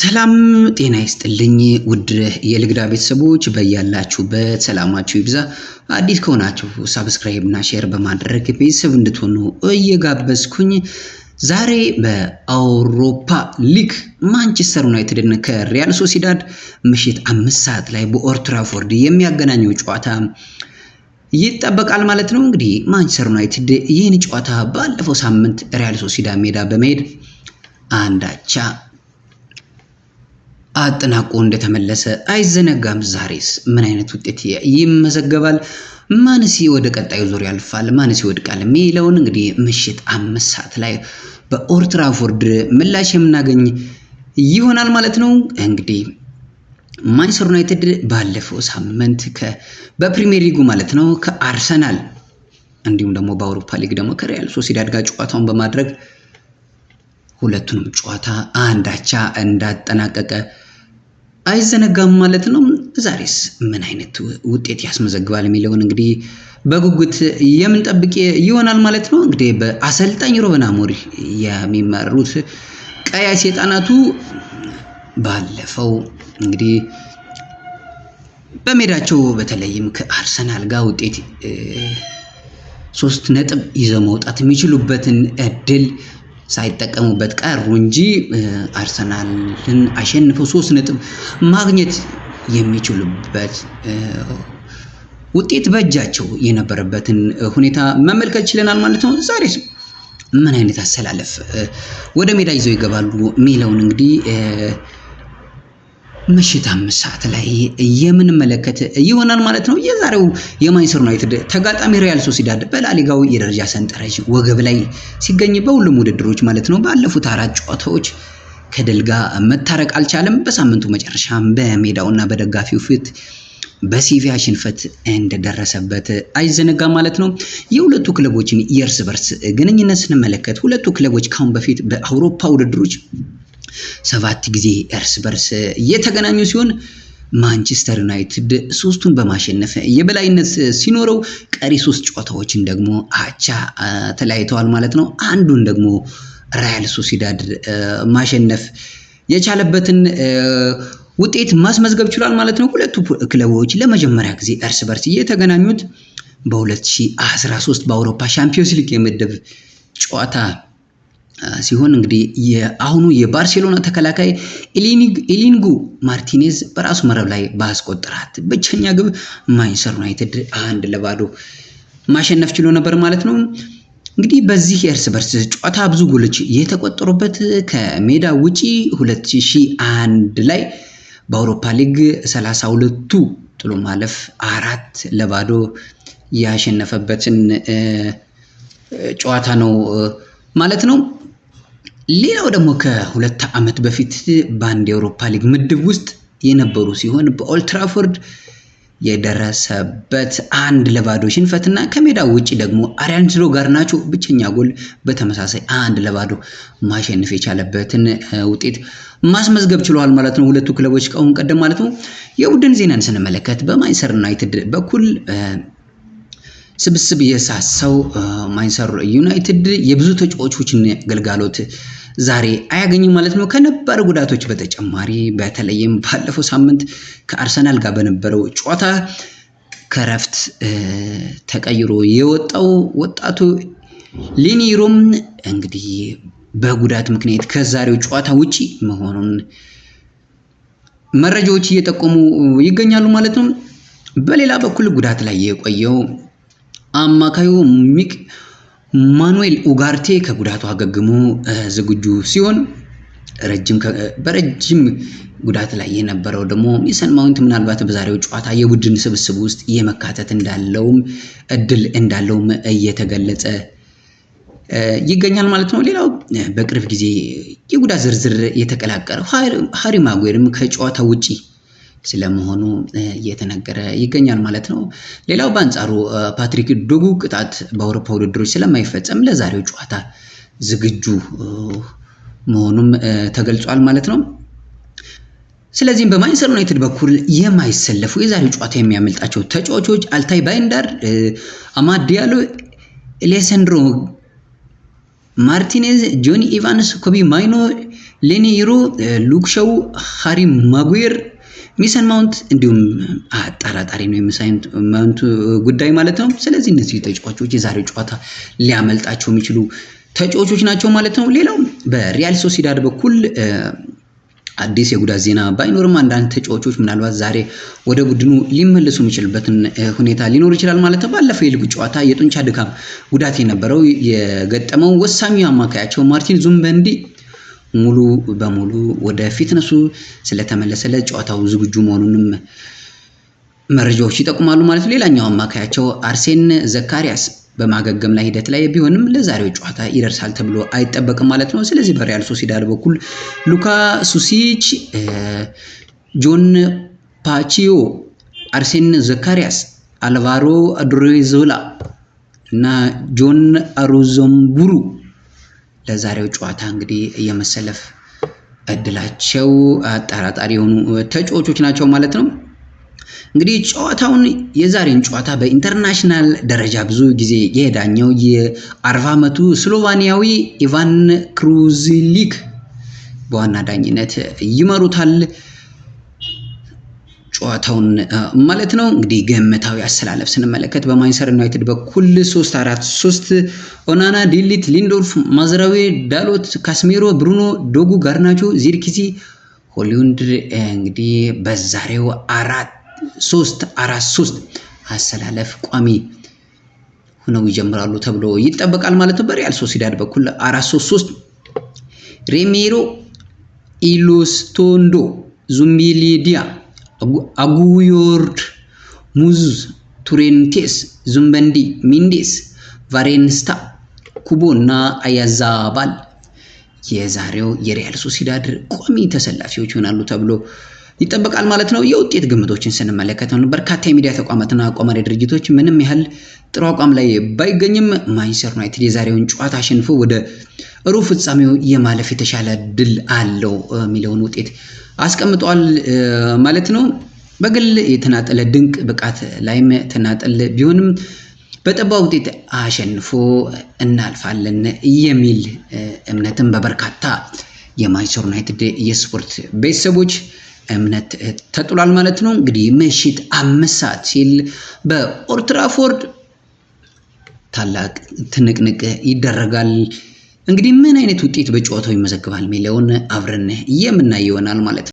ሰላም ጤና ይስጥልኝ ውድ የልግዳ ቤተሰቦች በያላችሁበት ሰላማችሁ ይብዛ። አዲስ ከሆናችሁ ሳብስክራይብ እና ሼር በማድረግ ቤተሰብ እንድትሆኑ እየጋበዝኩኝ ዛሬ በአውሮፓ ሊግ ማንቸስተር ዩናይትድን ከሪያል ሶሲዳድ ምሽት አምስት ሰዓት ላይ በኦልድ የሚያገናኘው ጨዋታ ይጠበቃል ማለት ነው። እንግዲህ ማንቸስተር ዩናይትድ ይህን ጨዋታ ባለፈው ሳምንት ሪያል ሶሲዳድ ሜዳ በመሄድ አንዳቻ አጠናቆ እንደተመለሰ አይዘነጋም። ዛሬስ ምን አይነት ውጤት ይመዘገባል? ማንስ ወደ ቀጣዩ ዙር ያልፋል? ማንስ ይወድቃል? የሚለውን እንግዲህ ምሽት አምስት ሰዓት ላይ በኦርትራፎርድ ምላሽ የምናገኝ ይሆናል ማለት ነው። እንግዲህ ማንቸስተር ዩናይትድ ባለፈው ሳምንት በፕሪሚየር ሊጉ ማለት ነው ከአርሰናል እንዲሁም ደግሞ በአውሮፓ ሊግ ደግሞ ከሪያል ሶሲዳድ ጋር ጨዋታውን በማድረግ ሁለቱንም ጨዋታ አንዳቻ እንዳጠናቀቀ አይዘነጋም ማለት ነው። ዛሬስ ምን አይነት ውጤት ያስመዘግባል የሚለውን እንግዲህ በጉጉት የምንጠብቅ ይሆናል ማለት ነው። እንግዲህ በአሰልጣኝ ሩበን አሞሪም የሚመሩት ቀያይ ሰይጣናቱ ባለፈው እንግዲህ በሜዳቸው በተለይም ከአርሰናል ጋር ውጤት ሶስት ነጥብ ይዘው መውጣት የሚችሉበትን እድል ሳይጠቀሙበት ቀሩ እንጂ አርሰናልን አሸንፈው ሶስት ነጥብ ማግኘት የሚችሉበት ውጤት በእጃቸው የነበረበትን ሁኔታ መመልከት ችለናል ማለት ነው። ዛሬስ ምን አይነት አሰላለፍ ወደ ሜዳ ይዘው ይገባሉ የሚለውን እንግዲህ ምሽት አምስት ሰዓት ላይ የምንመለከት ይሆናል ማለት ነው። የዛሬው የማንቸስተር ዩናይትድ ተጋጣሚ ሪያል ሶሲዳድ በላሊጋው የደረጃ ሰንጠረዥ ወገብ ላይ ሲገኝ በሁሉም ውድድሮች ማለት ነው ባለፉት አራት ጨዋታዎች ከድል ጋር መታረቅ አልቻለም። በሳምንቱ መጨረሻ በሜዳውና በደጋፊው ፊት በሲቪያ ሽንፈት እንደደረሰበት አይዘነጋ ማለት ነው። የሁለቱ ክለቦችን የእርስ በርስ ግንኙነት ስንመለከት ሁለቱ ክለቦች ካሁን በፊት በአውሮፓ ውድድሮች ሰባት ጊዜ እርስ በርስ እየተገናኙ ሲሆን ማንቸስተር ዩናይትድ ሶስቱን በማሸነፍ የበላይነት ሲኖረው ቀሪ ሶስት ጨዋታዎችን ደግሞ አቻ ተለያይተዋል ማለት ነው። አንዱን ደግሞ ራያል ሶሲዳድ ማሸነፍ የቻለበትን ውጤት ማስመዝገብ ችሏል ማለት ነው። ሁለቱ ክለቦች ለመጀመሪያ ጊዜ እርስ በርስ እየተገናኙት በ2013 በአውሮፓ ሻምፒዮንስ ሊግ የምድብ ጨዋታ ሲሆን እንግዲህ የአሁኑ የባርሴሎና ተከላካይ ኢሊንጉ ማርቲኔዝ በራሱ መረብ ላይ ባስቆጠራት ብቸኛ ግብ ማንቸስተር ዩናይትድ አንድ ለባዶ ማሸነፍ ችሎ ነበር ማለት ነው። እንግዲህ በዚህ የእርስ በርስ ጨዋታ ብዙ ጎሎች የተቆጠሩበት ከሜዳ ውጪ 2001 ላይ በአውሮፓ ሊግ 32ቱ ጥሎ ማለፍ አራት ለባዶ ያሸነፈበትን ጨዋታ ነው ማለት ነው። ሌላው ደግሞ ከሁለት ዓመት በፊት በአንድ የአውሮፓ ሊግ ምድብ ውስጥ የነበሩ ሲሆን በኦልትራፎርድ የደረሰበት አንድ ለባዶ ሽንፈትና ከሜዳ ውጭ ደግሞ አሪያንጅሎ ጋርናቾ ብቸኛ ጎል በተመሳሳይ አንድ ለባዶ ማሸነፍ የቻለበትን ውጤት ማስመዝገብ ችለዋል ማለት ነው። ሁለቱ ክለቦች ከአሁን ቀደም ማለት ነው። የቡድን ዜናን ስንመለከት በማንቸስተር ዩናይትድ በኩል ስብስብ የሳሰው ማንቸስተር ዩናይትድ የብዙ ተጫዋቾችን ግልጋሎት ዛሬ አያገኝም ማለት ነው። ከነባር ጉዳቶች በተጨማሪ በተለይም ባለፈው ሳምንት ከአርሰናል ጋር በነበረው ጨዋታ ከረፍት ተቀይሮ የወጣው ወጣቱ ሊኒሮም እንግዲህ በጉዳት ምክንያት ከዛሬው ጨዋታ ውጪ መሆኑን መረጃዎች እየጠቆሙ ይገኛሉ ማለት ነው። በሌላ በኩል ጉዳት ላይ የቆየው አማካዩ ሚቅ ማኑኤል ኡጋርቴ ከጉዳቱ አገግሞ ዝግጁ ሲሆን በረጅም ጉዳት ላይ የነበረው ደግሞ ሜሰን ማውንት ምናልባት በዛሬው ጨዋታ የቡድን ስብስብ ውስጥ የመካተት እንዳለውም እድል እንዳለውም እየተገለጸ ይገኛል ማለት ነው። ሌላው በቅርብ ጊዜ የጉዳት ዝርዝር የተቀላቀለው ሃሪ ማጉዌርም ከጨዋታ ውጪ ስለመሆኑ እየተነገረ ይገኛል ማለት ነው። ሌላው በአንጻሩ ፓትሪክ ዶጉ ቅጣት በአውሮፓ ውድድሮች ስለማይፈጸም ለዛሬው ጨዋታ ዝግጁ መሆኑም ተገልጿል ማለት ነው። ስለዚህም በማንቸስተር ዩናይትድ በኩል የማይሰለፉ የዛሬው ጨዋታ የሚያመልጣቸው ተጫዋቾች አልታይ ባይንዳር፣ አማድ ዲያሎ፣ ማርቲኔዝ፣ ጆኒ ኢቫንስ፣ ኮቢ ማይኖ፣ ሌኒ ይሮ፣ ሉክሸው፣ ሃሪ ማጉዌር ሚሰን ማውንት እንዲሁም አጠራጣሪ ነው የሜሰን ማውንት ጉዳይ ማለት ነው። ስለዚህ እነዚህ ተጫዋቾች የዛሬው ጨዋታ ሊያመልጣቸው የሚችሉ ተጫዋቾች ናቸው ማለት ነው። ሌላው በሪያል ሶሲዳድ በኩል አዲስ የጉዳት ዜና ባይኖርም አንዳንድ ተጫዋቾች ምናልባት ዛሬ ወደ ቡድኑ ሊመለሱ የሚችልበትን ሁኔታ ሊኖር ይችላል ማለት ነው። ባለፈው የሊጉ ጨዋታ የጡንቻ ድካም ጉዳት የነበረው የገጠመው ወሳኙ አማካያቸው ማርቲን ዙምበንዲ ሙሉ በሙሉ ወደ ፊትነሱ ስለተመለሰ ለጨዋታው ዝግጁ መሆኑንም መረጃዎች ይጠቁማሉ ማለት ነው። ሌላኛው አማካያቸው አርሴን ዘካሪያስ በማገገም ላይ ሂደት ላይ ቢሆንም ለዛሬው ጨዋታ ይደርሳል ተብሎ አይጠበቅም ማለት ነው። ስለዚህ በሪያል ሶሲዳድ በኩል ሉካ ሱሲች፣ ጆን ፓቺዮ፣ አርሴን ዘካሪያስ፣ አልቫሮ አድሬዞላ እና ጆን አሩዞምቡሩ ለዛሬው ጨዋታ እንግዲህ የመሰለፍ እድላቸው አጠራጣሪ የሆኑ ተጫዋቾች ናቸው ማለት ነው። እንግዲህ ጨዋታውን የዛሬን ጨዋታ በኢንተርናሽናል ደረጃ ብዙ ጊዜ የዳኘው የአርባ ዓመቱ ስሎቫኒያዊ ኢቫን ክሩዝሊክ በዋና ዳኝነት ይመሩታል። ጨዋታውን ማለት ነው። እንግዲህ ገመታዊ አሰላለፍ ስንመለከት በማንቸስተር ዩናይትድ በኩል 3 4 3 ኦናና፣ ዲሊት፣ ሊንዶርፍ፣ ማዝራዊ፣ ዳሎት፣ ካስሜሮ፣ ብሩኖ፣ ዶጉ፣ ጋርናቾ፣ ዚርኪዚ፣ ሆሊውንድ እንግዲህ በዛሬው አራት ሶስት አራት ሶስት አሰላለፍ ቋሚ ሆነው ይጀምራሉ ተብሎ ይጠበቃል ማለት ነው። በሪያል ሶሲዳድ በኩል አራት ሶስት ሶስት ሬሜሮ ኢሉስቶንዶ፣ ዙሚሊዲያ አጉዮርድ ሙዝ፣ ቱሬንቴስ፣ ዙምበንዲ፣ ሚንዴስ፣ ቫሬንስታ፣ ኩቦ እና አያዛባል የዛሬው የሪያል ሶሲዳድ ቋሚ ተሰላፊዎች ይሆናሉ ተብሎ ይጠበቃል ማለት ነው። የውጤት ግምቶችን ስንመለከት ነው በርካታ የሚዲያ ተቋማትና አቋማሪ ድርጅቶች ምንም ያህል ጥሩ አቋም ላይ ባይገኝም ማንቸስተር ዩናይትድ የዛሬውን ጨዋታ አሸንፎ ወደ ሩብ ፍጻሜው የማለፍ የተሻለ ድል አለው የሚለውን ውጤት አስቀምጧል ማለት ነው። በግል የተናጠለ ድንቅ ብቃት ላይም ተናጠል ቢሆንም በጠባ ውጤት አሸንፎ እናልፋለን የሚል እምነትም በበርካታ የማንቸስተር ዩናይትድ የስፖርት ቤተሰቦች እምነት ተጥሏል ማለት ነው። እንግዲህ ምሽት አምስት ሰዓት ሲል በኦልትራፎርድ ታላቅ ትንቅንቅ ይደረጋል። እንግዲህ ምን አይነት ውጤት በጨዋታው ይመዘግባል የሚለውን አብረን የምናይ ይሆናል ማለት ነው።